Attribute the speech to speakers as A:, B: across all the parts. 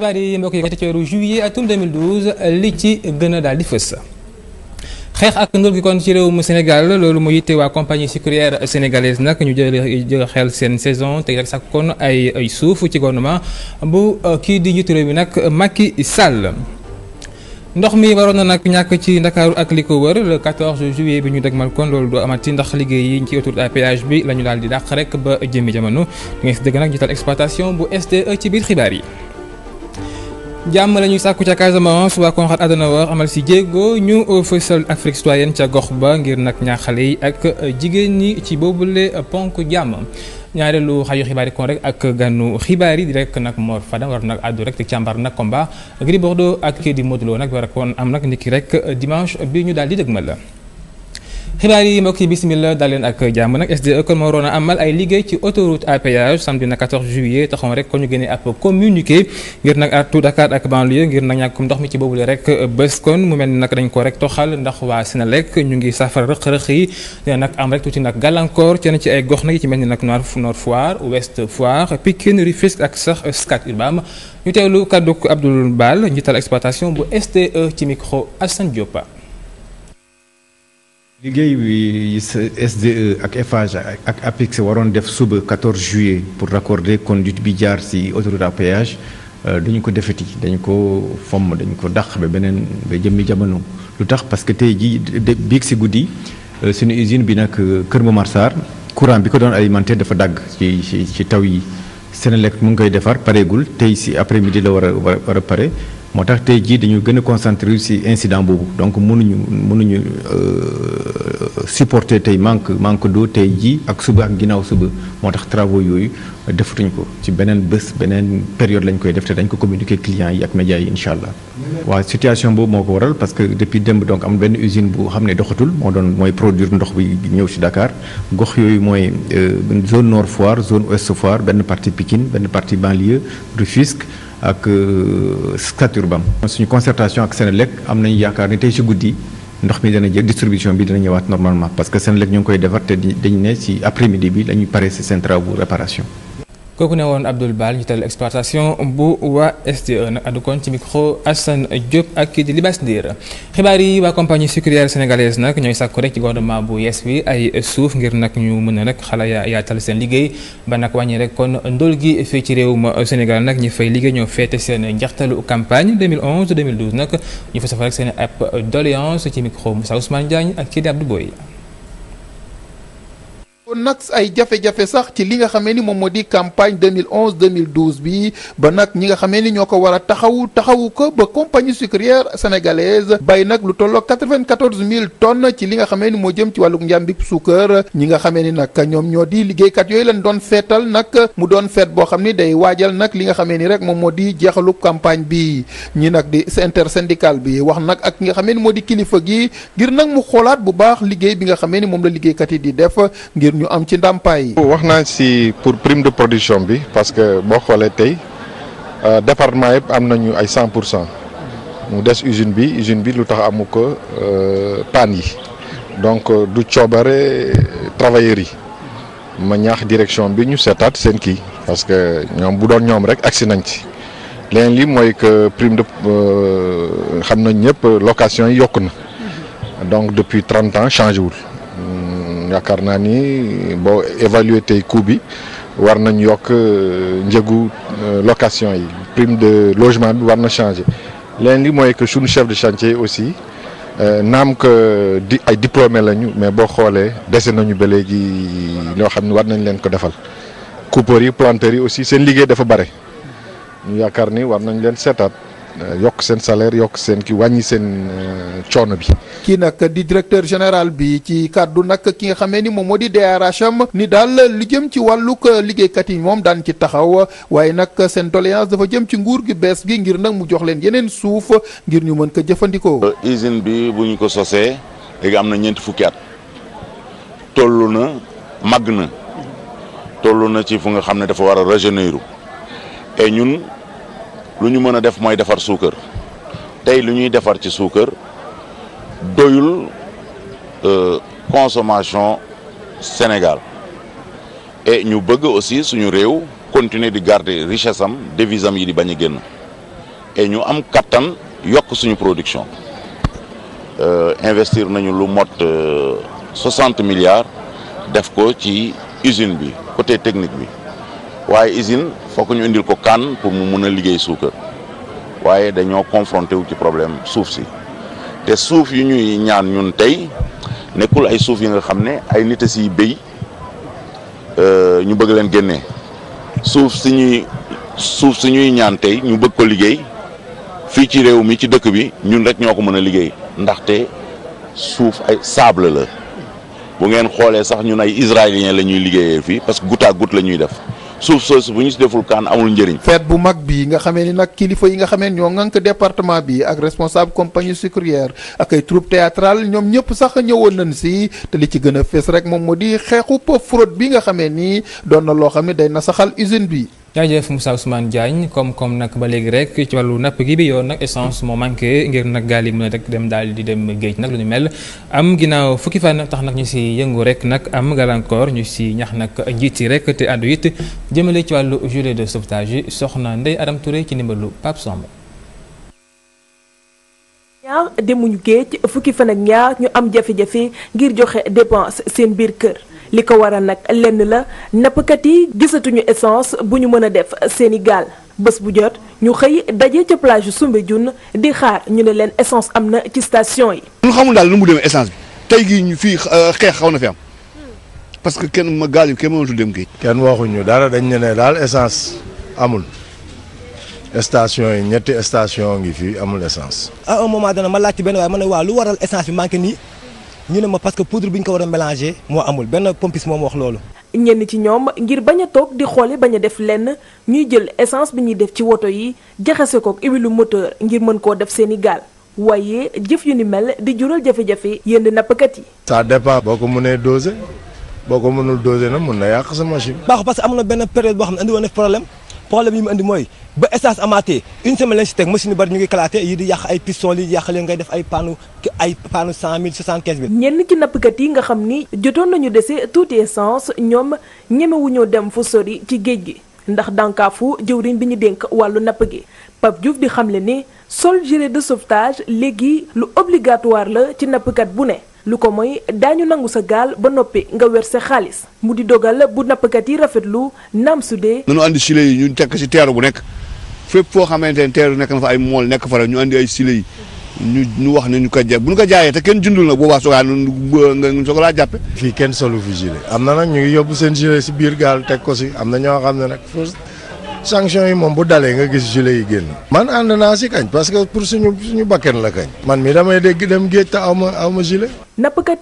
A: xibaar yi mbokk yi ci weeru juillet atum 2012 li ci gën a daal di fës. xeex ak ndóol gi kon ci réew mu Sénégal loolu mu yitte waa compagnie sucrière sénégalaise nag ñu jël jël xel seen saison te rek sax kon ay ay suuf ci gouvernement bu euh, kii di njiitu réew mi nag Macky Sall. ndox mi waroon na nag ñàkk ci ndakaaru ak li ko wër le 14 juillet bi ñu mal kon loolu du amati ndax liggéey yi ci autoroute à péage bi lañu ñu daal di dàq rek ba jëmmi jamono di dëgg nag jotal exploitation bu SDE ci biir xibaar yi. jàmm la ñuy sàkku ca Casamance waa Konrad Adenauer amal si jéego ñu fësal Afrique citoyenne ca gox ba ngir nag ñaaxale yi ak jigéen ñi ci boobule ponk jàmm ñaareelu xayu xibaari kon rek ak ganu xibaar yi di nag Mor Fadam war nag àddu rek te càmbar nag combat Gris Bordeaux ak di Modou Lô nag war a koon am nag niki rek dimanche bi ñu daal di dëgmal la xibaar yi mbokk yi bismillah daal leen ak jàmm nag SDE kon moo waroon amal ay liggéey ci autoroute à péage samedi na 14 juillet taxoon rek ko ñu génnee ab communiqué ngir nag artu Dakar ak banlieue ngir nag ñàkkum ndox mi ci boobule rek bés kon mu mel ni nag dañ ko rek toxal ndax waa Senelec ñu ngi safar rëq-rëq yi dina nag am rek tuuti nag gàllankoor ci ci ay gox nag ci mel ni nag Nord Nord Foire Ouest Foire ak sax Scat Urbam ñu teewlu kàddu Abdoul Bal njiital exploitation bu SDE ci micro Assane Diop
B: liggéey bi SDE ak Eiffage ak APIX waroon def suba 14 juillet pour raccorder conduite bi jaar ci autoroute à péage euh, duñu ko defeti dañu ko fomm dañu ko dàq ba beneen ba jëmmi jamono lu tax parce que tey jii biig ci guddi euh, suñu usine bi nag euh, Kër Momar Sarr courant bi ko doon alimenté dafa dagg ci ci taw yi Senelec mu ngi koy defar pareegul tey ci après midi la war a war a pare moo tax tey jii dañu gën a concentré ci incident boobu donc mënuñu mënuñu euh, supporter tey manque manque d'eau tey jii ak suba ak ginnaaw suba moo tax travaux yooyu defatuñ ko ci beneen bés beneen période lañ koy def te dañ ko communiquer clients yi ak médias yi incha allah. waaw situation boobu moo ko waral parce que depuis démb donc am benn usine bu xam ne doxatul moo doon mooy produir ndox bi ñëw ci Dakar gox yooyu mooy euh, zone nord foire zone ouest foire benn partie Pikine benn partie banlieue Rufisque. ak euh, Scaturbam. suñu concertation ak Senelec am nañu yaakaar ni tey si guddi ndox mi dana jël distribution bi dina ñëwaat normalement parce que Senelec ñu ngi koy defar te dañu ne si après midi bi la ñuy pare si seen travaux réparation.
A: kooku ne woon Abdoul Bal njiital exploitation bu waa SDE nag àddu koon ci micro Assane Diop ak kii di Libas Ndiir xibaar yi waa compagnie sucrière sénégalaise nag ñooy sàkku rek ci gouvernement bu yees bi ay suuf ngir nag ñu mën a rek ya yaatal seen liggéey ba nag wàññi rek kon ndóol gi fii ci réew ma Sénégal nag ñi fay liggéey ñoo feete seen njaxtalu campagne 2011 2012 nag ñu fa safa ak seen ab doléance ci micro Moussa Ousmane Diagne ak kii di Abdou Boye
C: kon nag ay jafe-jafe sax ci li nga xamee ni moom moo di campagne 2011 2012 bi ba nag ñi nga xamee ni ñoo ko war a taxawu taxawu ko ba compagnie sucrière sénégalaise bay nag lu tolloo 94 000 tonnes ci li nga xame ni moo jëm ci wàlluk njàmbi suukar ñi nga xame ni nag ñoom ñoo di liggéeykat yooyu lañ doon feetal nag mu doon feet boo xam ni day waajal nag li nga xamee ni rek moom moo di jeexalu campagne bi ñi nag di intersyndical bi wax nag ak ki nga xamee ni moo di kilifa gi ngir nag mu xoolaat bu baax liggéey bi nga xamee ni moom la liggéeykat yi di def ngir ñu am ci ndàmpaay yi. wax naa si pour prime de production bi parce que boo xoolee tey euh, département yëpp am nañu ay cent cent mu des usine bi usine bi lu tax amu ko euh, panne yi donc euh, du coobare travailleurs yi ma ñaax direction bi ñu seetaat seen kii parce que ñoom bu doon ñoom rek agsi nañ ci leneen lii mooy que prime de xam nañ ñëpp location yi yokk na donc depuis trente ans changé wul. yaakaar naa ni boo évaluer tey coût bi war nañ yokk euh, njëgu euh, location yi prime de logement bi war na changer leen li mooy que suñu chef de chantier aussi euh, naam que di ay diplômé lañu mais boo xoolee dese nañu ba léegi loo xam ne war nañ leen ko defal coupeurs yi planteurs yi aussi seen liggéey dafa bare yaakaar ni war nañ leen seetaat Euh, yokk seen salaire yokk seen ki wàññi seen euh, coono bi. kii nag di directeur général bi ci kàddu nag ki nga xamee ni moom moo di DRH am ni daal li jëm ci wàllug euh, liggéeykat yi moom daan ci taxaw waaye nag seen doléance dafa jëm ci nguur gi
D: bees gi ngir nag mu jox leen yeneen suuf ngir ñu mën ko jëfandikoo. usine bi bu ñu ko sosee léegi am na ñeenti fukki at tollu na màgg na tollu na ci fu nga xam ne dafa war a régénérer et lu ñu mën a def mooy defar suukar tey lu ñuy defar ci suukar doyul euh, consommation Sénégal e ñu bëgg aussi suñu réew continuer di garder richesse am devise yi di bañ a génn et ñu am kattan yokk suñu production euh, investir nañu lu mot euh, soixante milliards def ko ci usine bi côté technique bi waaye usine fokk ñu indil ko kaan pour mu mën a liggéey suukar waaye dañoo confronté wu ci problème suuf si te suuf yu ñuy ñaan ñun tey nekkul ay suuf yi nga xam ne ay nit a siy béy euh, ñu bëgg leen génnee suuf si ñuy suuf si ñuy ñaan tey ñu bëgg ko liggéey fii ci réew mi ci dëkk bi ñun rek ñoo ko mën a liggéey ndaxte suuf ay sable la bu ngeen xoolee sax ñun ay israélien la ñuy liggéeyee fii parce que goutte à la ñuy def. suuf soosu bu ñu si deful kaan amul njëriñ. feet bu mag bi nga xamee ni nag
C: kilifa yi nga xamee ñoo ŋànk département bi ak responsable compagnie sucrière ak ay troupe théâtrale ñoom ñëpp sax ñëwoon nañ si te li ci gën a fees rek moom moo di xeexu fraude bi nga xamee ni doon na loo xam ne day nasaxal usine bi.
A: jaajëf Moussa Ousmane Diagne comme comme nag ba léegi rek ci wàllu napp gi bi yoon nag essence moo manqué ngir nag gaal yi mën a rek dem daal di dem géej nag lu ñu mel am ginnaaw fukki fan tax nag ñu si yëngu rek nag am gàllankoor ñu si ñax nag njiit yi rek te àddu it jëmale ci wàllu gilet de sauvetage yi soxna Ndeye Adam Touré ci ndimbalu Pape Samb.
E: ñaar demuñu géej fukki fan ak ñaar ñu am jafe-jafe ngir joxe dépense seen biir kër. li ko waral nag lenn la nappkat yi gisatuñu essence bu ñu mën a def seeni gaal bés bu jot ñu xëy daje ca plage Soumbédioune di xaar ñu ne leen essence am na ci station yi. ñun xamul daal lu
F: mu demee essence bi tey ñu fii euh, xeex xaw na fi parce que kenn ma gaal yi kenn mënatul
G: dem géej. kenn waxuñu dara dañ ne ne daal essence amul. station yi ñetti station ngi fii amul essence.
E: à un moment donné ma laajte benn waaye ma ne waa lu waral essence bi manqué nii. ñu ne ma parce que poudre bi ñu ko war a mélangé moo amul benn pompiste moom wax loolu. ñenn ci ñoom ngir bañ a di xoole bañ a def lenn ñuy jël essance bi ñuy def ci woto yi jaxase ko ak huile moteur ngir mën koo def seen i gaal waaye jëf yu ni mel di jural jafe-jafe yenn nappkat yi.
G: ça dépend boo ko mënee doser boo ko mënul doser nag mun na yàq sa machine.
E: baaxul parce que am na benn période boo xam ne andi woon na problème problème yi mu indi mooy. ba essance amaatee une semaine lañ si teg machine yu bari ñu ngi kalaate yi di yàq ay piston yi di yàq leen ngay def ay panneau ay panneau cent mille soixante quinze mille. ñenn ci nappkat yi nga xam ni jotoon nañu dese tuuti essence ñoom ñemewuñoo dem fu sori ci géej gi ndax dànkaafu jëwriñ bi ñu dénk wàllu napp gi Pape Diouf di xamle ni sol gilet de sauvetage léegi lu obligatoire la ci nappkat bu ne. lu ko mooy daañu nangu sa gaal ba noppi nga wer sa xaalis mu di dogal bu nappkat yi rafetlu naam su dee.
F: nañu andi sile ñu tekk ci teeru bu nekk fépp foo xamante ne teeru nekk na fa ay mool nekk fa ñu andi ay sile yi ñu wax ne ñu ko jaay bu ko jaayee te kenn jundul
G: nag boobaa soo nga soo ko laa jàppe fii kenn solu fi gilet am na nag ñu yóbbu seen gilet si biir gaal teg ko si am na ñoo xam ne nag sanction yi moom bu dalee nga gis jule yi génn man ànd naa si kañ parce que pour suñu suñu bakken la kañ man mi damay dégg dem géej te aw ma aw
E: ma gilet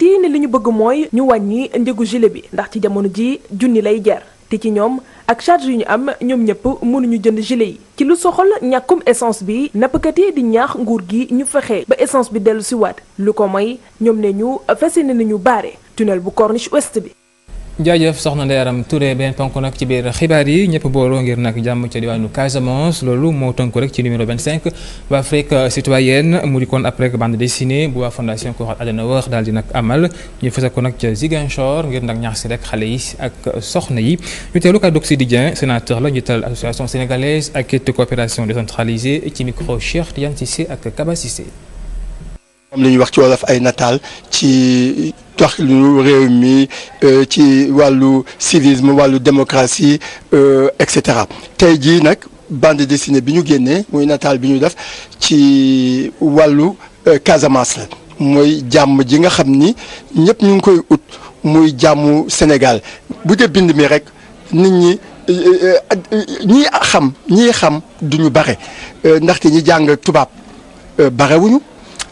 E: yi ne li ñu bëgg mooy ñu wàññi njëgu gilet bi ndax ci jamono ji junni lay jar te ci ñoom ak charge yu ñu am ñoom ñëpp mënuñu jënd gilet yi ci lu soxal ñàkkum essence bi nappkat yi di ñaax nguur gi ñu fexe ba essence bi dellu siwaat lu ko may ñoom ne ñu fese nañu baare tunnel bu corniche ouest bi
A: jaajëf soxna Ndeyaram Touré benn ponk nag ci biir xibaar yi ñëpp booloo ngir nag jàmm ca diwaanu Casamance loolu moo tënku rek ci numéro 25 bu Afrique citoyenne mu di kon après bande dessinée bu waa fondation Konrad Adenauer daal di nag amal ñu fësal ko nag ca Ziguinchor ngir nag ñaax si rek xale yi ak soxna yi ñu teelu kàddu si Sididien sénateur la ñu tal association sénégalaise ak coopération décentralisée ci micro Cheikh Tidiane Cissé ak Kaba
F: am la ñuy wax ci wolof ay nataal ci doxalinu réew mi euh, ci wàllu civisme wàllu démocratie euh, et cetera tey jii nag band dessinée bi ñu génnee muy nataal bi ñu def ci wàllu euh, Casamance la mooy jàmm ji nga xam ni ñëpp ñu ngi koy ut muy jàmmu Sénégal bu dee bind mi rek nit ñi ñi xam ñii xam duñu bare ndaxte ñi jàng tubaab barewuñu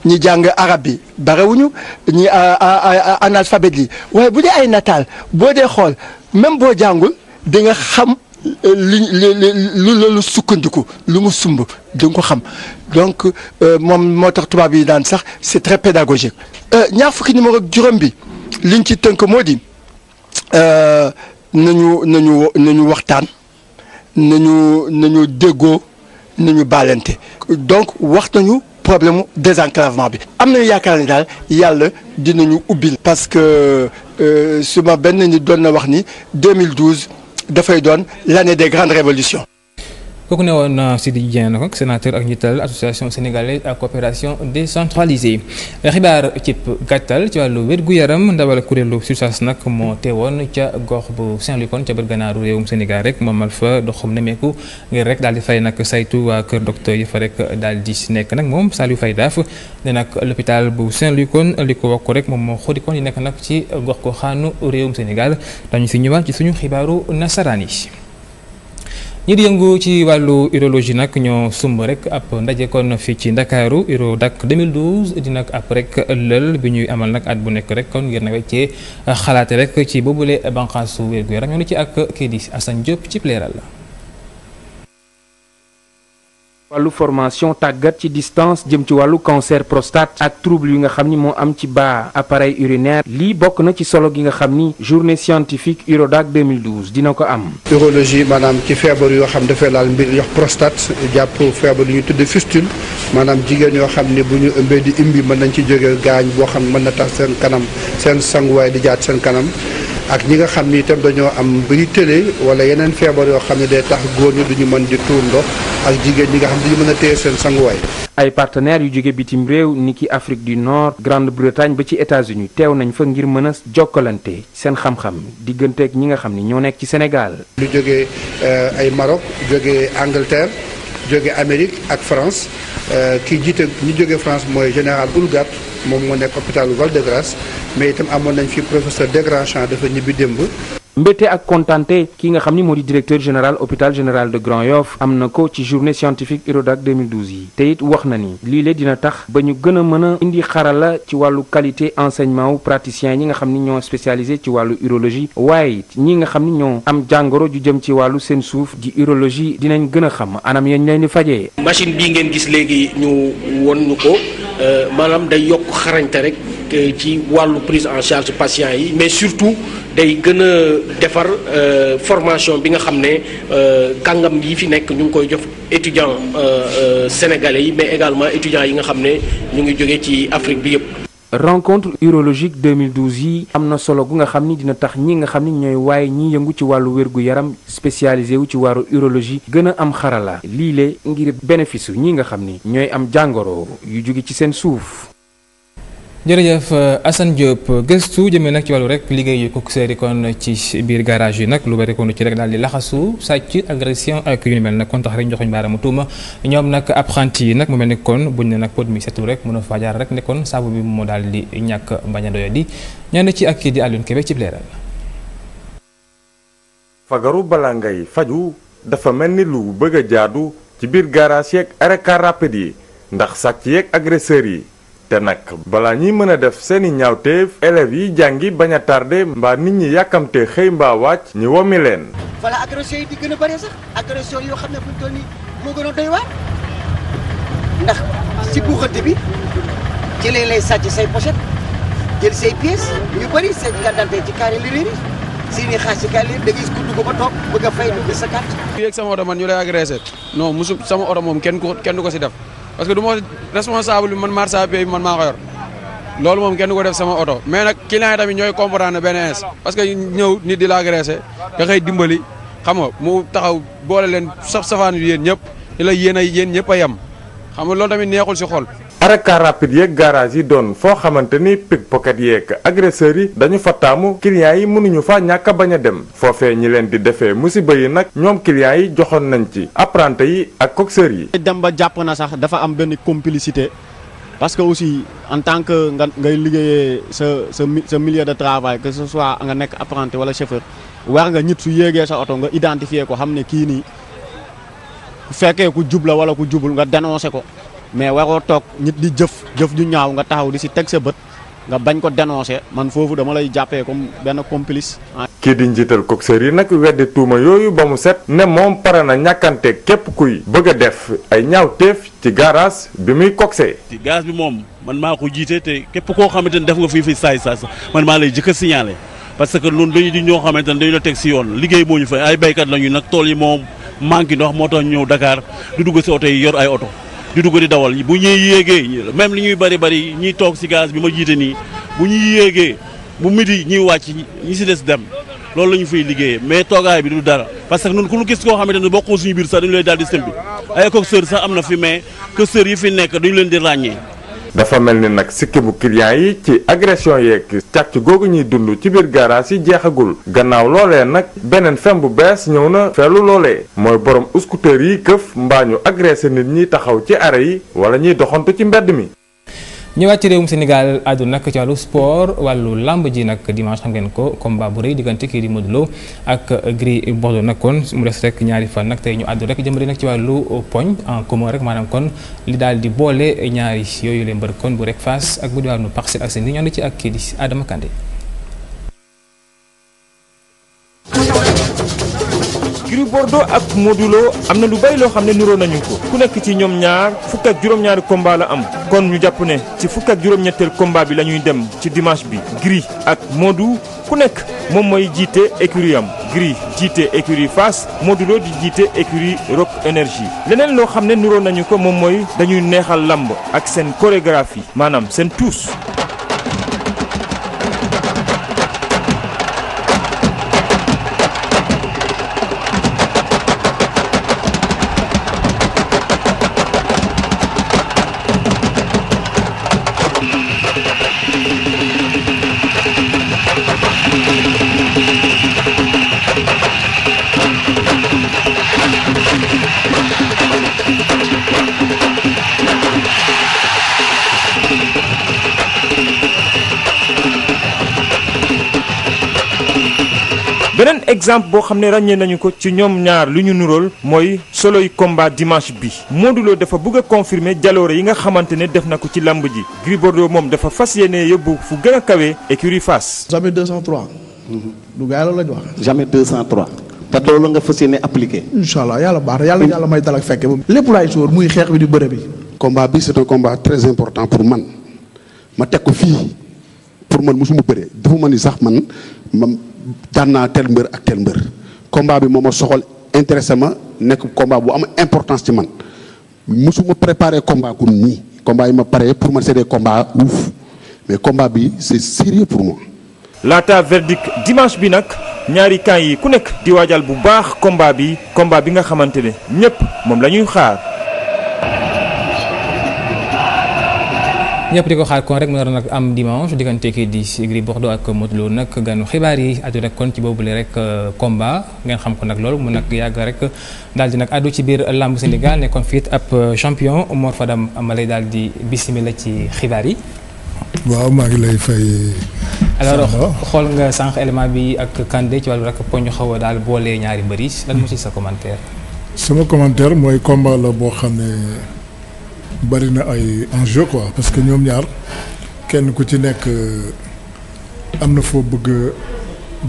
F: ñi jàng arab bi barewuñu ñi analphabète yi waaye bu dee ay nataal boo dee xool même boo jàngul dinga nga xam euh, li lu loolu sukkandiku lu mu sumb di xam donc euh, moom moo tax tubaab yi daan sax c'est très pédagogique euh, ñaar fukki numéro juróom bi liñ ci tënk moo di nañu nañu nañu waxtaan nañu nañu déggoo nañu balente donc waxtañu problème mu désenclavement bi am nañu yaakaar ni daal yàlla dinañu ubbil parce que euh, suma benn nit doon na wax ni 2012 dafay doon l'année des grandes révolutions
A: kooku ne woon euh, Sidi Dieng nag sénateur ak njiital association sénégalaise ak coopération décentralisée xibaar cib gàttal ci wàllu wér-gu-yaram ndawal kuréelu SUTSAS nag moo teewoon ca gox bu Saint-Louis kon ca bët ganaaru réewum Sénégal rek moom moomal fa doxum nemeeku ngir rek daal di fay nag saytu waa kër docteur yi fa rek daal di si nekk nag moom Saliou fay Daaf ne nag l'hôpital bu Saint-Louis kon li ko wokk rek moom moo xuri kon yi nekk nag ci gox ko xaanu réewum Sénégal dañu si ñëwaat ci suñu xibaaru nasaraan yi ñi di yëngu ci wàllu urologie nag ñoo sumb rek ab ndaje kon fii ci Ndakaaru Urodac 2012 di nag ab rek lël bi ñuy amal nag at bu nekk rek kon ngir na ci xalaate rek ci boobule banqaasu wér gu yaram ñoo ci ak kii di Assane ci pleeral la
H: wàllu formation tàggat ci distance jëm ci wàllu cancer prostate ak trouble yu nga xam ni moo am ci baa appareil urinaire lii bokk na ci solo gi nga xam ni journée scientifique Urodac 2012 dina ko am.
C: urologie maanaam ci feebar yoo xam dafay laal mbir yox prostate jàpp feebar yu ñu tudd fistule maanaam jigéen yoo xam ne bu ñu ëmbee di imbi mën nañ ci jóge gaañ boo xam mën na tax seen kanam seen sanguwaay di jaat seen kanam. ak ñi nga xam ni itam dañoo am mbiri tële wala yeneen feebar yoo xam ne day tax góor ñi duñu mën di tuur ndox ak jigéen ñi nga xam duñu mën
H: a téye seen sanguwaay. ay partenaires yu jóge bitim réew nit ki Afrique du Nord Grande-Bretagne ba ci États-Unis teew nañ fa ngir mën a jokkalante seen xam-xam digganteeg ñi nga xam ni ñoo nekk ci Sénégal.
C: lu jógee euh, ay Maroc jógee Angleterre. jóge Amérique ak France euh, ki jiite ñu jóge France mooy général Houlgate moom moo nekk hôpitalu Val de Grâce mais itam amoon nañ fi professeur Desgrands-Champs dafa ñibbi démb
H: mbétte ak kontante ki nga xam ni moo di directeur général hôpital général de Grand Yoff am na ko ci journée scientifique Irodac 2012 yi te wax na ni lii dina tax ba ñu gën a mën a indi xarala ci wàllu qualité enseignement wu ñi nga xam ni ñoo spécialisé ci wàllu urologie waaye it ñi nga xam ni ñoo am jàngoro ju jëm ci wàllu seen suuf di urologie dinañ gën a xam anam yañ leen di fajee. machine
F: bii ngeen gis léegi ñu won ñu ko euh, maanaam day yokk xarañte rek. ci wàllu prise en charge patient yi mais surtout day gën a defar euh, formation bi nga xam ne euh, kàngam yi fi nekk ñu ngi koy jox étudiants euh, sénégale yi mais également étudiants yi nga xam ne ñu ngi jóge ci Afrique bi yëpp.
H: rencontre urologique 2012 yi am na solo gu nga xam ni dina tax ñi nga xam ni ñooy waaye ñi yëngu ci wàllu wérgu yaram spécialisé wu ci wàllu urologie gën a am xarala lii lée ngir bénéfice ñi nga xam ni ñooy am jàngoro yu jóge ci seen suuf
A: jërëjëf euh, Assane Diop gëstu jëmee nag ci wàllu rek liggéey yu ko seeri kon ci biir garage yi nag lu bari kon ci rek daal di laxasu sàcc agression ak yu ni mel nag kon tax rek joxuñ baaraamu tuuma ñoom nag apprenti yi nag mu mel ni kon buñ ne nag pot mi setul rek mën a fa jaar rek ne kon saabu bi moo daal di ñàkk mbañ a doyo ci ak kii di Alioune Kébé ci leeral.
G: fagaru bala ngay faju dafa mel ni lu bëgg a jaadu ci biir garage yeeg arrêt car rapide yi ndax sàcc yeeg agresseurs yi. te nag balaa ñuy mën a def seeni ñaawteef élèves yi jàngi bañ a mbaa nit ñi yàkkamte xëy mbaa wàcc ñu womi leen.
B: voilà agression yi di gën a sax agression yoo xam ne fu ñu toll nii moo gën si buuxante bi ci lañ lay jël ñu bëri seen gàddante ci carré sa carte.
H: fii ak sama oto man ñu lay agressé non sama oto moom kenn ko kenn du ko si def. parce que du ma responsable bi man marché bi man maa ko yor loolu moom kenn ko def sama oto mais nag client yi tamit ñooy comprendre benn parce que ñëw nit di la agressé dimbali xam nga mu taxaw boole leen saf safaan bi yéen ñëpp di la yéen a yéen ñëpp a yem xam nga loolu tamit neexul si xol. arrêt car rapide yeeg garage yi doon foo xamante ni
G: pickpocket yeeg agresseurs yi dañu fa taamu clients yi mënuñu fa ñàkk a bañ a dem foofe ñi leen di defee musiba yi nag ñoom clients yi joxoon nañ ci apprenti yi ak coxeur yi. dem ba
B: jàpp na sax dafa am benn complicité parce que aussi en tant que nga ngay liggéeyee sa sa sa milieu de travail que ce nga nekk apprenti wala chauffeur waa nga ñit su yéegee sa oto nga identifier ko xam ne kii nii. bu fekkee ku jub la wala ku jubul nga dénoncé ko mais waroo toog ñit di jëf jëf ju ñaaw nga taxaw di si teg sa bët nga bañ ko dénoncer man foofu dama lay jàppee comme benn
G: complice. kii di njiital coxeur yi nag weddi tuuma yooyu ba mu set ne moom pare na ñàkkante képp kuy bëgg a def ay ñaaw ñaawteef
D: ci garage bi muy coxee. ci garage bi moom man maa ko jiite te képp koo xamante ne def nga fii fi saay saay man maa lay jëkk a signalé parce que loolu dañuy di ñoo xamante ne dañu la teg si yoon liggéey boo ñu ay béykat lañu nag tool yi moo manqué ndox moo tax ñëw Dakar du dugg si yor ay oto. du dugg di dawal bu ñuy yéegee même li ñuy bari bari ñiy toog ci gaz bi ma jiite nii bu ñuy yéegee bu midi ñuy wàcc ñi ci des dem loolu la ñu fay liggéeyee mais toogaay bi du dara parce que nun ku ñu gis koo xamante ne bokkoo suñu biir sax dañu lay daal di sëmbi ay coxeur sax am na fi mais que yi fi nekk duñu leen di ràññee
G: dafa mel ni nag sikki bu yi ci agression yeeg càcc googu ñuy dund ci biir garage yi jeexagul gannaaw loolee nag beneen fen bu bees ñëw na feelu loole mooy borom scooter yi këf mbaa ñu agressé nit ñuy taxaw ci arrêt yi wala ñuy doxantu ci mbedd mi
A: ñëwaat ci réewum Sénégal àddu nag ci wàllu sport wàllu lamb ji nag dimanche xam ngeen ko combat bu rëy diggante kii di Modou Lo ak Gris Bordeaux nag kon mu des rek ñaari fan nag tey ñu àddu rek jëmale nag ci wàllu poñ en commun rek maanaam kon li daal di boole ñaari yooyu leen mbër kon bu rek face ak bu diwaanu Parcelles Assainies ñoo ci ak kii di Adama Kandé
I: Bordeaux ak Modou am na lu bari loo xam ne niroo nañu ko ku nekk ci ñoom ñaar fukk ak juróom-ñaari combat la am kon ñu jàpp ne ci fukk ak juróom-ñetteel combat bi la ñuy dem ci dimanche bi Gris ak Modou ku nekk moom mooy jiite écurie am Gris jiite écurie Fass Modou Lo di jiite écurie Rock Énergie leneen loo xam ne niroo nañu ko moom mooy dañuy neexal lamb ak seen chorégraphie maanaam seen tuus beneen exemple boo xam ne ràññee nañu ko ci ñoom ñaar lu ñu nurool mooy soloy combat dimanche bi Modou Lo dafa bëgg a confirmer jaloore yi nga xamante ne def na ko ci làmb ji Gris moom dafa fas yéene yóbbu fu gën a kawe écurie Fass. jamais 203.
B: du gars loolu lañ wax. jamais 203. te loolu nga fas yéene appliqué.
C: incha allah yàlla baax na yàlla yàlla may dalak fekke ba. lépp laay sóor muy xeex bi di bëre bi. combat bi c'est un combat très important pour man ma teg ko fii pour man mosuma bëre dafa ma ni sax man man. daan naa tel mbër ak tel mbër combat bi moo ma soxal intéressé ma nekk combat bu am importance ci man musuma préparer combat gu nii combat yi ma pare pour ma c'est des combats mais combat bi c'est sérieux pour moi.
I: laata verdict dimanche bi nag ñaari camp yi ku nekk di waajal bu baax combat bi combat bi nga xamante ne ñëpp moom la ñuy xaar.
A: ñëpp di ko xaar kon rek mu naroon nag am dimanche diggante kii di Gris Bordeaux ak Modou Lô nag ganu xibaar yi aju rek kon ci boobule rek euh, combat ngeen xam ko nag loolu mu nag yàgg rek daal di nag adu ci biir làmb Sénégal nekkoon fiit ab euh, champion Mor Fadam ma lay daal di bisimila ci xibaar yi.
J: waaw maa ngi lay fay. alors
A: xool nga sànq element bi ak Kandé ci wàllu rek poñu xaw daal boole ñaari mbër yi lan moo sa commentaire.
J: sama commentaire mooy bari na ay enjeu quoi parce que ñoom ñaar kenn ku ci nekk euh, am na foo bëgg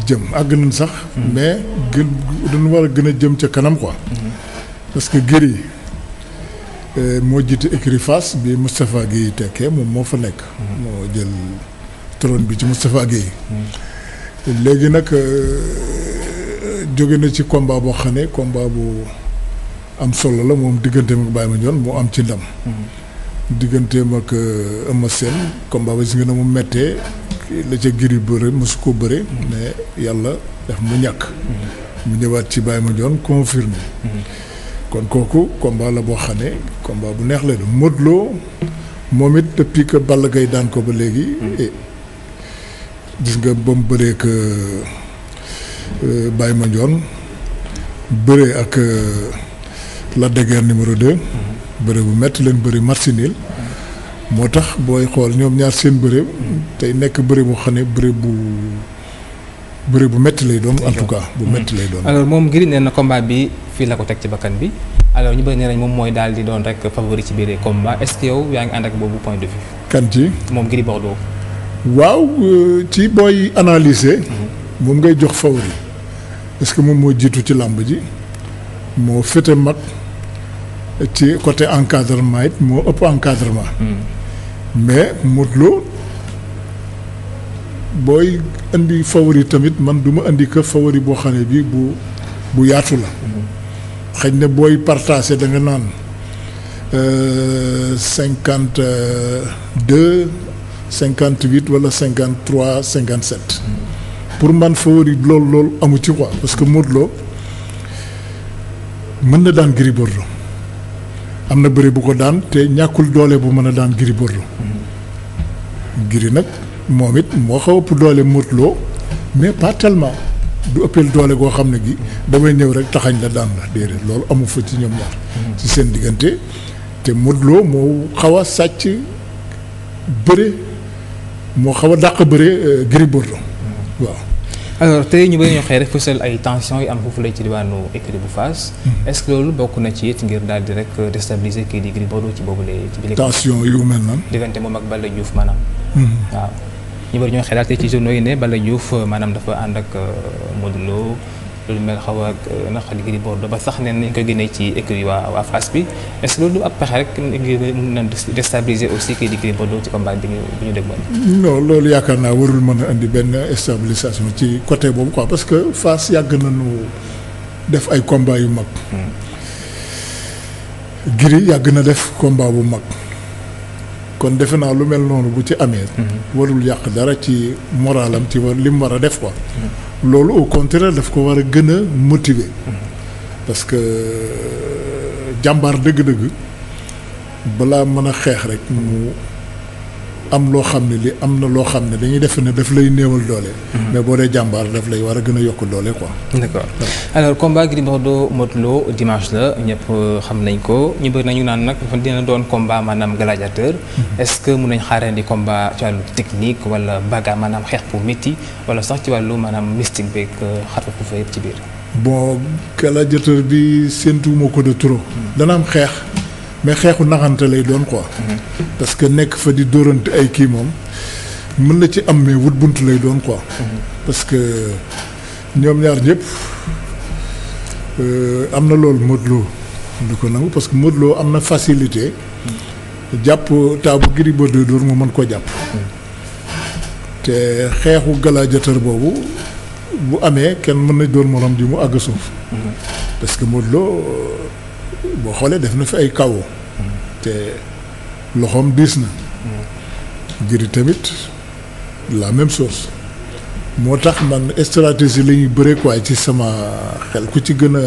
J: jëm àgg nañ sax. Mm-hmm. mais gën dañu war a gën a jëm ca kanam quoi. Mm-hmm. parce que Gris euh, moo jiite écurie Fass bi Moustapha Guèye tekkee moom moo fa nekk. Mm-hmm. moo jël trône bi ci Moustapha Guèye. léegi nag euh, jóge na ci combat boo xam ne combat bu. am solo la moom digganteem ak Baye Mandione mu am ci ndam. digganteem ak euh, Eumeu Sène combat ba gis nga ne mu méttee la ca giri bëre mosu ko bëre. mais yàlla daf mu ñàkk. mu ñëwaat ci Baye Mandione confirmé. kon kooku combat la boo xam ne combat bu neex la du Modou Lo moom it depuis que Balla Gaye daan ko ba léegi. Mm-hmm. Eh, gis nga ba mu bëree ak euh, Baye Mandione bëree ak. Euh, Lac de Guiers numéro de bëre bu métti leen bëri match nul moo tax booy xool ñoom ñaar seen bëre. tey nekk bëre boo xam ne bëre bu bëre bu métti lay doon. en tout cas bu métti lay doon.
A: alors moom ngir nee na combat bi fii la ko teg ci bakkan bi alors ñu bëri nee nañ moom mooy daal di doon rek favori ci biir combat est-ce que yow yaa ngi ànd ak boobu point de vue. kan ci moom
J: waaw euh, ci booy analyser. Mhm. moom ngay jox favori. est que moom moo jiitu ci làmb ji. moo féete mag ci côté encadrement it moo ëpp encadrement. mais Modou booy indi favori tamit man duma indi que favori boo xam bi bu bu yaatu la. xëy na booy partagé danga nga naan euh, cinquante deux cinquante huit wala cinquante trois cinquante sept. pour man favori lool lool amu ci quoi parce que Modou mën na daan Gris Bordeaux am na bëri bu ko daan te ñàkkul doole bu mën a daan Gris Bordeaux Gris nag moom it moo xaw ëpp doole Modou mais pas tellement du ëppeel doole goo xam ne gi damay ñëw rek taxañ la daan la déedéet loolu amul fa ci ñoom ñaar mm-hmm. ci seen diggante te Modou moo xaw a sàcc bëre moo xaw dàq bëre euh, Gris Bordeaux mm-hmm. waaw
A: alors tey ñu bëri ñu xëy rek fësal ay tensions yi am foofu lay ci diwaanu écurie bu Fass. Mhm. est loolu bokk na ci ngir daal di rek déstabiliser kii di Gris Bordeaux ci boobu lay. tension yu mel diggante moom ak Balla Diouf maanaam. Mhm. waaw ñu bëri ñoo xalaatee ci journaux yi ne Balla Diouf maanaam dafa ànd ak euh, Modou loolu mel xaw a euh, naqari Gris Bordeaux ba sax neen nañ ko génnee ci écurie waa waa Fass bi est ce que loolu ab pexe rek ngir mën a déstabiliser aussi kii di Gris Bordeaux ci combat bi ñu bi ñu déggoon.
J: non loolu yaakaar naa warul mën a indi benn stabilisation ci côté boobu ko parce que Fass yàgg nañu def ay combat yu mag. Hmm. Gris yàgg na def combat bu mag. kon defe naa lu mel noonu bu ci amee. Mhm. warul yàq dara ci moralam ci war li mu war a def ko loolu au daf ko war a gën a motiver. Mhm. parce que jàmbaar dëgg-dëgg balaa mën a xeex rek mu. am loo xam ne li am na loo xam ne dañu def ne daf lay néewal doole. Mhm. mais boo dee jàmbaar daf lay war a gën a yokk doole ko d'accord
A: alors combat Gris Bordeaux Modou Lo dimanche la ñëpp euh, xam nañ ko ñu bëri nañu naan nag dina doon combat maanaam gladiateur. Mhm. est-ce que mun nañ xaarandi combat ci wàllu technique wala baga maanaam xeex bu métti wala sax ci wàllu maanaam mystique beeg euh, xarfa ku fa yëpp ci biir.
J: bon gladiateur bi séntuwuma ko de trop. Mhm. dana am xeex. mais xeexu naxante lay doon quoi. parce que nekk fa di dóorante ay kii moom mën na ci am mais wut bunt lay doon quoi. parce que ñoom ñaar ñëpp euh, am na loolu Modou Lo du ko nangu parce que Modou am na facilité. jàpp taabu Gris Bordeaux dóor mu mën koo jàpp. te xeexu galaajateur boobu bu amee kenn mën na dóor morom ji mu àgg suuf. parce que boo xoolee def na fi ay kawo te loxoom diis na jëri tamit la même chose moo tax man stratégie la ñuy bëree quoi ci sama xel ku ci gën a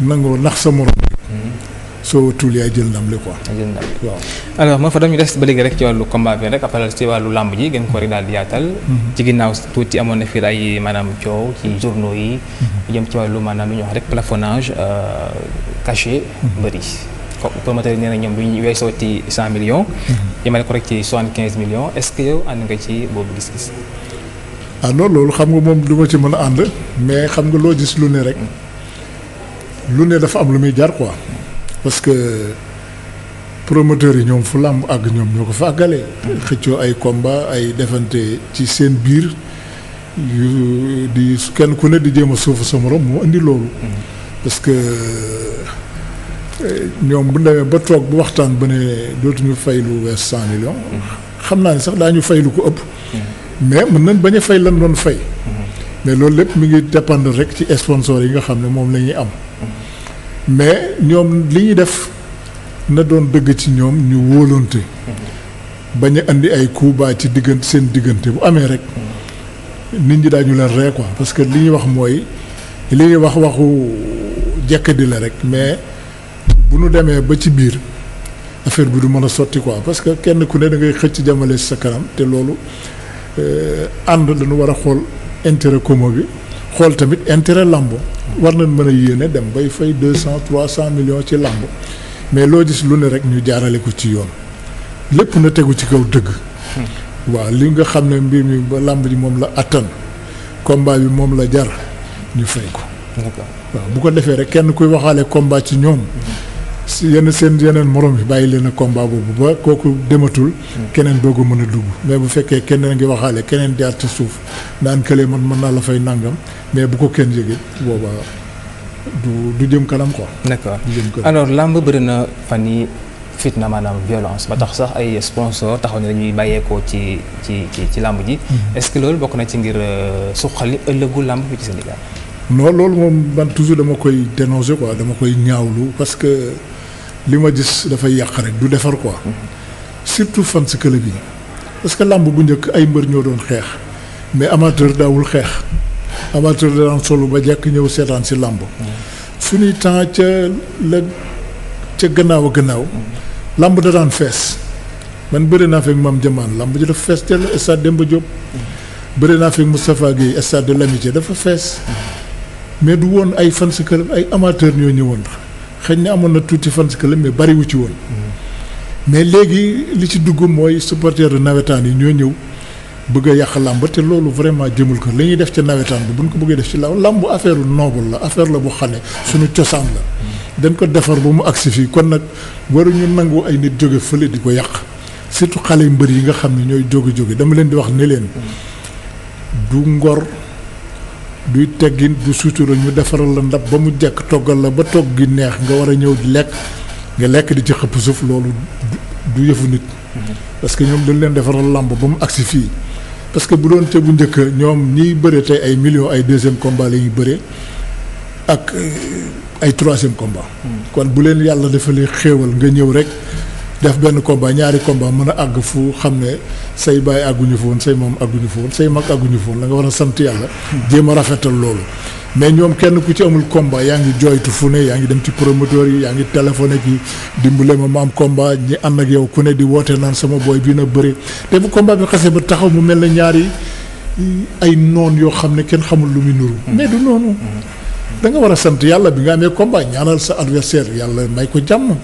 J: nangoo nax sa morom soo tuul yaay jël ndam li quoi. jël ndam li waaw.
A: alors moo des ba léegi rek ci wàllu combat bi rek après ci wàllu làmb ji gën ko rek daal di yaatal. Mhm. ci ginnaaw tuuti amoon na fi ay maanaam coow ci journaux yi. Mhm. jëm ci wàllu maanaam lu ñuy wax rek plafonnage euh, caché mhm. bëri. comme promoteur yi nee na ñoom du ñu weesoo ci cent millions. yemale ko rek ci soixante quinze millions est ce que yow ànd nga
J: ci boobu gis-gis. ah non loolu xam nga moom du ma ci mën a ànd mais xam nga loo gis lu ne rek lu ne dafa am lu muy jar quoi. parce que promoteurs yi ñoom fu làmb ak ñoom ñoo ko fa àggalee. xëccoo ay combat ay defante ci seen biir yu di kenn ku ne di jéem a suufu sa moroom moo indi loolu. parce que euh, ñoom bu demee ba toog bu waxtaan ba ne dootuñu fay lu wees cent million xam naa ni sax daañu fay lu ko ëpp. mais mën nañ bañ a fay lan doon fay. Mm-hmm. mais loolu lépp mu ngi dépendre rek ci sponsor yi nga xam ne moom la ñuy am. mais ñoom li ñuy def na doon dëgg ci ñoom ñu wóolante bañ a andi ay kuubaa ci diggante seen diggante bu amee rek nit ñi daañu leen ree quoi parce que li ñuy wax mooy li ñuy wax waxu jekkadi la rek mais bu nu demee ba ci biir affaire bi du mën a sotti quoi parce que kenn ku ne da ngay xëcc jamale sa kanam te loolu euh, ànd dañu war a xool intérêt commun bi xool tamit intérêt làmb war nañ mën a yéene dem bay fay deux cent trois cent millions ci làmb mais loo gis lu ne rek ñu jaarale ko ci yoon lépp na tegu ci kaw dëgg waaw li nga xam ne mbir mi ba làmb ji moom la attan combat bi moom la jar ñu fay ko waaw bu ko defee rek kenn kuy waxaale combat ci ñoom si yenn seen yeneen morom yi bàyyi leen a combat boobu ba kooku dematul. Hmm. keneen boo ko mën a dugg. mais bu fekkee keneen ngi waxaale keneen jaar ci suuf naan kële man mën naa la fay nangam mais bu ko kenn yëgee booba du du jëm kanam ko d'accord du jëm kanam alors
A: làmb bëri na fan yi fitna maanaam violence ba tax sax ay sponsor taxaw ne dañuy bàyyeekoo ci ci ci ci làmb ji. Hmm. est-ce que loolu bokk na ci ngir euh, suqali ëllëgu làmb bi ci Sénégal.
J: non loolu moom man toujours dama koy dénoncer quoi dama koy ñaawlu parce que li ma gis dafay yàq rek du defar quoi surtout fan si club yi parce que làmb bu njëkk ay mbër ñoo doon xeex mais amateur daawul xeex amateur da daan solo ba jàkk ñëw seetaan si làmb suñuy temps ca la ca gannaaw a gannaaw làmb da daan fees man bëri naa fekk maam jamaan làmb ji dafa fees tell stade Demba Diop bëri naa fekk Moustapha Guèye stade de l'amitié dafa fees mais du woon ay fans club ay amateurs ñoo ñëwoon xëy na amoon na tuuti fans club mais bariwu ci woon. mais léegi li ci dugg mooy supporter de nawetaan yi ñoo ñëw bëgg a yàq làmb te loolu vraiment jëmul ko li ñuy def ca nawetaan bi bu ñu ko bëggee def ci làmb làmb affaire noble la affaire la bu xale suñu cosaan la. dañ ko defar ba mu agsi fii kon nag waruñu nangu ay nit jóge fële di ko yàq surtout xale mbër yi nga xam ne ñooy jóge jóge dama leen di wax ne leen du ngor. duy teggin du sutura ñu defaral la ndab ba mu jekk toggal la ba togg gi neex nga war a ñëw di lekk nga lekk di ci xëpp suuf loolu du yëfu nit parce que ñoom dañ leen defaral làmb ba mu agsi fii parce que bu doon te bu njëkk ñoom ñiy bëre tey ay million ay deuxième combat la ñuy bëree ak ay troisième komba hmm. kon bu leen yàlla defalee xéewal nga ñëw rek def benn combat ñaari combat mën a àgg fu xam ne say bàyyi àgguñu fa woon say moom àgguñu fa woon say mag àgguñu fa woon la war a sant yàlla jéem a rafetal loolu mais ñoom ku ci amul combat yaa ngi jooytu fu ne yaa ngi dem ci promoteur yi yaa ngi téléphoné ki dimbale ma ma am combat ñi ak yow ku ne di naan sama booy bi na bëri bu combat bi xasee ba taxaw mu mel ne ñaari ay noon yoo xam ne kenn xamul lu muy nuru mais du noonu da nga war a sant yàlla bi nga amee combat ñaanal sa adversaire yàlla may ko jàmm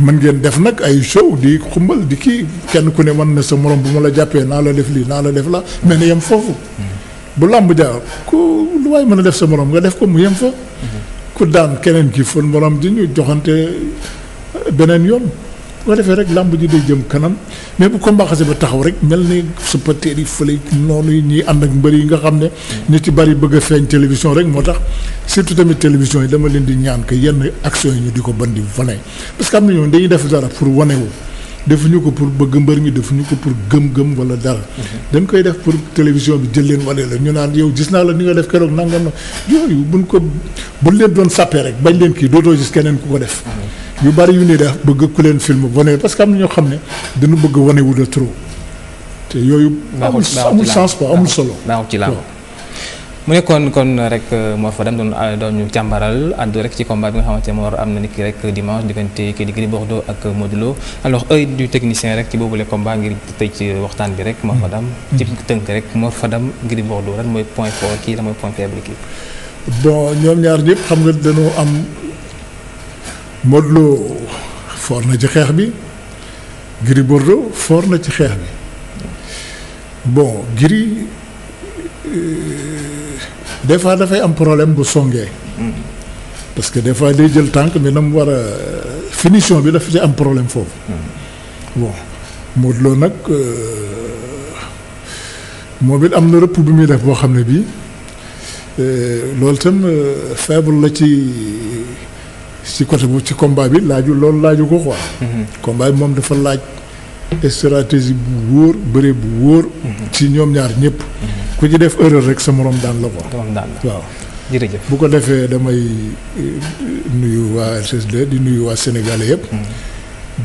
J: mën ngeen def nag ay show di xumbal di kii kenn ku ne mën na sa moroom bu ma la jàppee naa la def lii naa la def laa mais ne yem foofu bu làmb jaar ku lu waay mën a def sa morom nga def ko mu yem fa ku daan keneen kii fon morom di ñu joxante beneen yoon bu ko defee rek làmb ji day jëm kanam mais bu combat xasee ba taxaw rek mel ni supporters yi fële noonu yi ñuy ànd ak mbër yi nga xam ne ñu ci bari bëgg feeñ télévision rek moo tax surtout tamit télévision yi dama leen di ñaan que yenn action yi ñu di ko ban di wane parce que am na ñoom dañuy def dara pour wane wu ñu ko pour bëgg mbër ñi mi ñu ko pour gëm-gëm wala dara. dañ koy def pour télévision bi jël leen wane la ñu naan yow gis naa la ni nga def keroog nangam na yooyu ko buñ leen doon sàppee rek bañ leen kii dootoo gis keneen ku ko def. yu bari yu ni def bëgg ku leen film wane parce que am na ñoo xam ne dañu bëgg wane wu de trop te yooyu. amul amul sens quoi
A: ci mu nekkoon kon rek euh, Mor Fadam doon euh, doon ñu càmbaral àddu rek ci combat bi nga xamante ne moo am na nit ki rek dimanche diggante kii di Gris Bordeaux ak Modou Lo alors œil du technicien rek ci boobule combat ngir tëj ci waxtaan bi rek. Mor hmm. Fadam hmm. ci tënk rek Mor Fadam Gris Bordeaux lan mooy point fort kii la mooy point faible kii.
J: bon ñoom ñaar ñëpp xam nga dañoo am. Modou Lo foor na ci xeex bi Gris Bordeaux foor na ci xeex bi bon Gris euh, des fois dafay am problème bu songee parce que des fois day jël tànk mais na mu war a finition bi dafa ci am problème foofu bon Modou Lo nag euh, moom it am na rëpp bi muy def boo xam ne bii euh, loolu tam faible la ci si côté bu ci combat bi laaju loolu laaju ko ko quoi. Mhm. combat bi moom dafa laaj stratégie bu wóor bëre bu wóor. Mhm. ci ñoom ñaar ñëpp. Mhm. ku ci def erreur rek sa morom daan la ko. morom daan waaw. jërëjëf bu ko defee damay eh, nuyu waa RCSD di nuyu waa Sénégalais yëpp.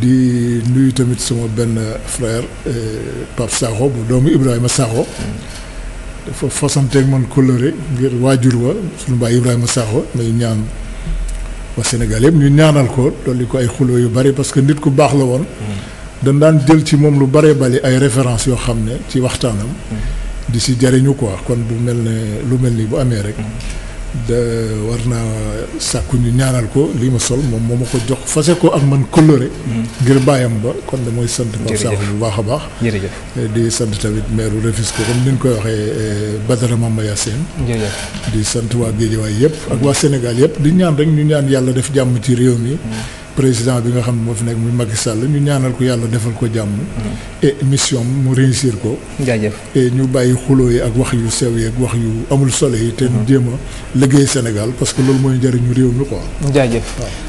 J: di nuyu tamit sama benn frère eh, Pape Sakho bu doomu Ibrahima Sakho. dafa fasanteeg man coloré ngir waajur wa sunu baay Ibrahima Sakho may ñaan. wa Sénégal yëpp ñu ñaanal ko dolli ko ay xuloo yu bari parce que nit ku baax la woon. dañ daan jël ci moom lu baree bari ay références yoo xam ne ci waxtaanam. di si jariñu quoi kon bu mel ne lu mel nii bu amee rek. war naa sàkku ñu ñaanal ko lii ma sol moom moo ma ko jox fase ko ak man coloré mm-hmm. ngir bàyyam ba kon da mooy sant Pape Sakho bu baax a baax di sant tamit maire Rufisque comme ni ñu koy waxee eh, Badara Mamaya Sène di sant waa Guédiawaye yëpp ak waa Sénégal yëpp di ñaan rek ñu ñaan yàlla def jàmm ci réew mi mm-hmm. président bi nga xam ne moo fi nekk muy Macky Sall ñu ñaanal ko yàlla defal ko jàmm. et mission mu réussir ko. jaajëf et ñu bàyyi xulo yi ak wax yu sew yi ak wax yu amul solo yi. te nu mhm. jéem a liggéey Sénégal parce que loolu mooy njëriñu réew mi quoi.
A: jaajëf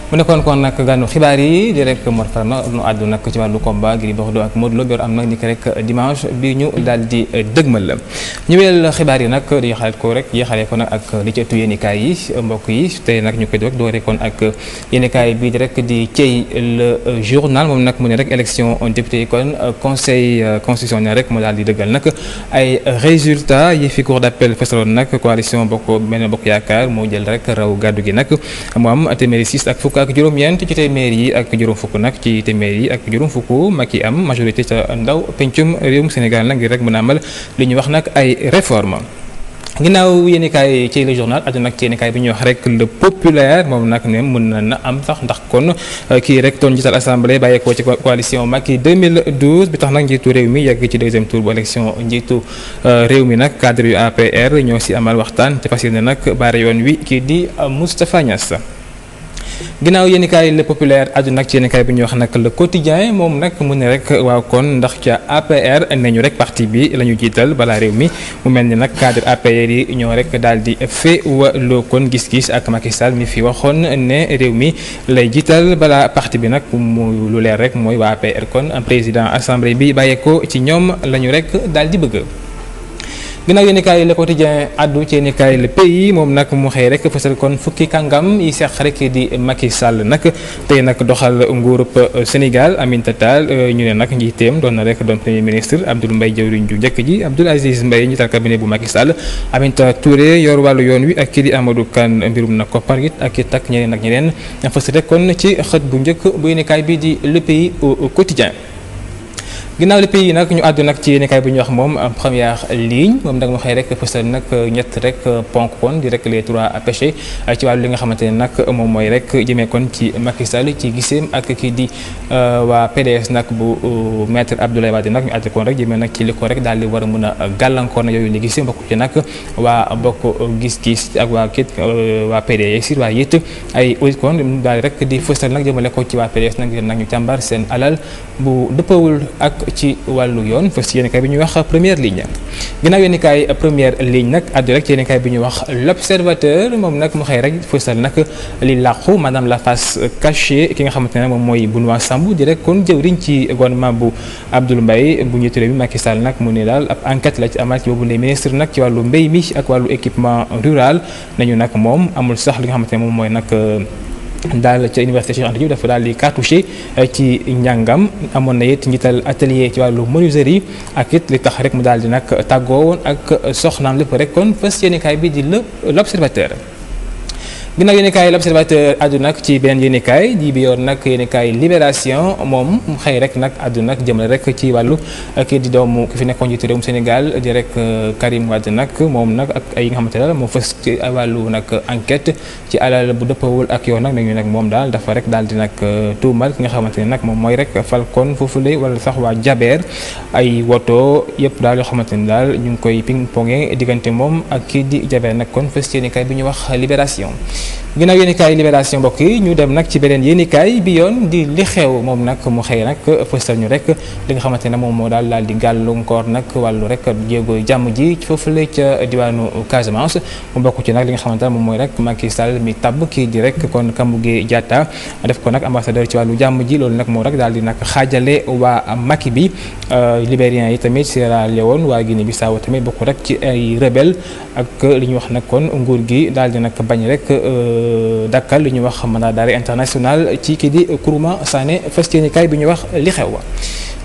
A: mu nekkoon kon nag gànnu xibaar yi di rek Mor Fara na nu àddu nag ci wàllu combat Gris Bordeaux ak Modou Lo bi am nag ni ko rek dimanche bi ñu daal di dëgmal la ñu weel xibaar yi nag di ko rek yéexalee ko nag ak li ci ëttu yéenikaay yi mbokk yi tey nag ñu koy rek doo rekoon ak yéenikaay bii di rek di cey le journal moom nag mu ne rek élection député yi kon conseil constitutionnel rek mu daal di dëggal nag ay résultats yi fi cour d'appel fesaloon nag coalition bokk Benno Bokk Yaakaar moo jël rek raw gàddu gi nag mu am téeméeri 6 ak fukk fukk ak juróom-ñeent ci téeméer yi ak juróom fukk nag ci téeméer yi ak juróom fukk Macky am majorité sa ndaw pencum réewum Sénégal nag ngir rek mën a amal li ñuy wax nag ay réforme ginnaaw yéeni kaay ci le journal aju nag ci yéeni bi ñuy wax rek le populaire moom nag ne mën na na am sax ndax kon euh, kii rek doon jiital assemblée bàyyeekoo ci coalition Macky 2012 bi tax nag njiitu réew mi yegg ci deuxième tour bu élection njiitu euh, réew mi nag cadre yu APR ñoo si amal waxtaan te fas yéene nag baare yoon wi kii di euh, Moustapha Niass ginnaaw yéenekaay Le Populaire aju nag ci yéenekaay bi ñu wax nag Le Quotidien moom nag mu ne rek waaw kon ndax ca APR nañu ñu rek parti bi la ñu jiital balaa réew mi mu mel ni nag cadre APR yi ñoo rek daal di féewaloo kon gis-gis ak Macky Sall mi fi waxoon ne réew mi lay jiital balaa parti bi nag mu lu leer rek mooy waa APR kon président assemblée bi bàyyeekoo ci ñoom lañu ñu rek daal di bëgg. ginnaaw yéen i kaay le quotidien addu ci yéen i kaay le pays moom nag mu xëy rek fësal kon fukki kàngam yi seq rek di Macky Sall nag tey nag doxal nguurub euh, Sénégal Aminata Tall euh, ñu ne nag njiiteem doon na rek doon premier ministre Abdoul Mbaye jëwriñ ju njëkk ji Abdoul Aziz Mbaye njiital cabinet bu Macky Sall Aminata Touré yor wàllu yoon wi ak kii di Amadou Kane mbirum nag koppar it ak it ak ñeneen ak ñeneen fës rek kon ci xët bu njëkk bu yéen i kaay bi di le pays au ginnaaw li pays yi nag ñu àddu nag ci yéenekaay bu ñuy wax moom première ligne moom nag ma xëy rek fësal nag ñett rek ponk kon di rek les trois péchés ci wàllu li nga xamante ne nag moom mooy rek jëmee kon ci Macky ci giseem ak kii di euh, waa PDS nag bu euh, maître Abdoulaye Wade nag ñu àddu koon rek jëmee nag ci li ko rek daal di war a mën a gàllankoor na yooyu li giseem bokk ci nag gis-gis ak waa kit euh, waa PDS it waa it ay audit kon daal rek di fësal nag jëmale ko ci waa PDS nag ngir nag ñu càmbar seen alal bu dëppawul ak ci wàllu yoon fës ci yéenekaay bi ñuy wax première ligne ginnaaw yéenekaay première ligne nag addu rek ci yéenekaay bi ñuy wax l'observateur moom nag mu xëy rek fësal nag li làqu maanaam la face cachée ki nga xamante ne moom mooy bu Benoît Sambou di rek kon riñ ci gouvernement bu Abdoul mbay bu ñu turé bi Macky Sall nag mu ni daal ab enquête la ci amal ci boobu ne ministre nag ci wàllu mbéy mi ak wàllu équipement rural nañu nag moom amul sax li nga xamante ne moom mooy nag daal ca université Cheikh Anta Diop dafa daal di cartouché eh, ci njàngam amoon na it njiital atelier ci wàllu menuiserie ak it li tax rek mu daal di nag tàggoo woon ak soxnaam lépp rek kon fas yéenekaay bi di l'observateur ginnaaw yéenekaay l'Observateur addu nag ci benn yéenekaay ji bi yoon nag yéenekaay Libération moom xëy rek nag àddu nag jëmale rek ci wàllu kii di doomu fi nekkoon njiitu réewum Sénégal di rek euh, Karim Wade nag moom nag ak ay nga xamante ne moo fës ci wàllu nag enquête ci alal bu dëppawul ak yoon nag nañu nag moom daal dafa rek daal di nag euh, tuumal ki nga xamante ne nag moom mooy rek foofu foofule wala sax waa jabeer ay woto yëpp daal yoo xamante ne daal ñu ngi koy ping-pongé diggante moom ak kii di Jaber nag kon fës ci yéenekaay bi ñu wax Libération ginnaaw yéenekaay libération mbokk yi ñu dem nag ci beneen yéenekaay bi yoon di li xew moom nag mu xëy nag postal ñu rek li nga xamante ne moom moo daal daal di gàllankoor nag wàllu rek jéego jàmm ji foofule ca diwaanu Casamance mu bokk ci nag li nga xamante ne moom mooy rek Macky Sall mi tabb kii di rek kon Kambouge Diatta def ko nag ambassadeur ci wàllu jàmm ji loolu nag moo rek daal di nag xaajale waa Macky bi euh, libériens yi tamit Sierra Leone waa Guinée Bissau bokk rek ak li ñu wax nag gi daal di nag Euh, dakkal lu ñuy wax mën naa daari international ci kii di Kourouma Sané fas yéene kaay bi ñu wax li xew wa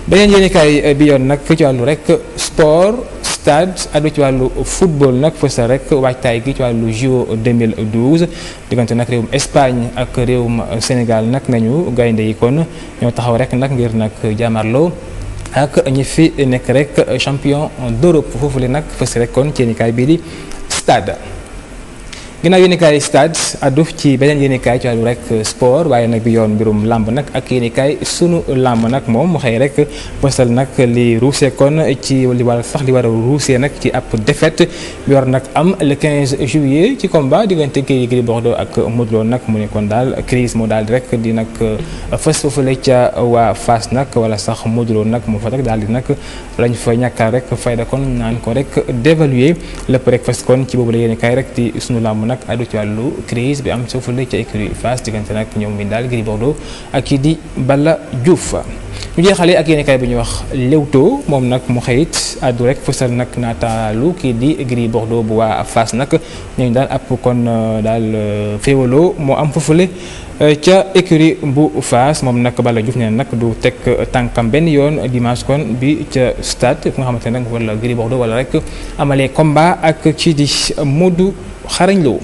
A: beneen yéene kaay bi yoon nag ci wàllu rek sport stade addu ci wàllu football nag fësal rek waajtaay gi ci wàllu JO 2012 diggante nag réewum Espagne ak réewum Sénégal nag nañu gaynde yi kon ñoo taxaw rek nag ngir nag jaamarloo ak ñi fi nekk rek champion d'Europe foofu le nag fës rek kon ci yéene bii di stade ginnaaw yéenekaay stade addu ci beneen yéenekaay ci wàllu rek euh, sport waaye nag bi yoon mbirum làmb nag ak yéenekaay sunu làmb nag moom mu xëy rek bësal nag li ruuse kon ci li war sax li war a ruusee nag ci ab défaite bi war nag am le 15 juillet ci combat diggante kii Gris Bordeaux ak Modou Lo nag mu ne kon daal crise moo daal di rek di nag euh, fës foofule ca waa fas nag wala sax Modou Lo nag mu fa rek daal di nag lañ fa ñàkkaar rek fayda kon naan ko rek dévaluer ci boobu nag addu ci wàllu crise bi am soo fële ca écurie Fass diggante nag ñoom mi daal Gris Bordeaux ak kii di Balla Diouf ñu jeexalee ak yéen kay bu ñuy wax Leewtoo moom nag mu xëyit àddu rek fësal nag naataalu kii di Gris Bordeaux bu waa Fass nag ñu daal ab kon euh, daal euh, féewaloo moo am foofule euh, ca écurie bu Fass moom nag Balla Diouf ne nag du teg tànkam benn yoon dimanche kon bi ca stade fu nga xamante ne nag wala Gris Bordeaux wala rek amalee combat ak ci di Modou xarañ Lo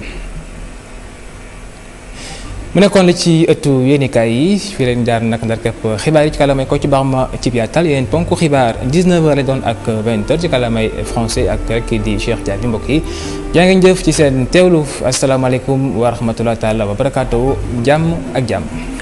A: mu nekkoon la ci ëttu yéenikaay yi fii leen jaar nag ndarkepp xibaar yi ci kàllaamay ko ci baax ma cib yaatal yeneen ponk xibaar 19h la doon ak 20h ci kàllaamay français ak rek di Cheikh Dia bi mbokk yi jaa ngeen jëf ci seen teewlu asalaamaaleykum wa rahmatulah taala wa barakaatu jàmm ak jàmm.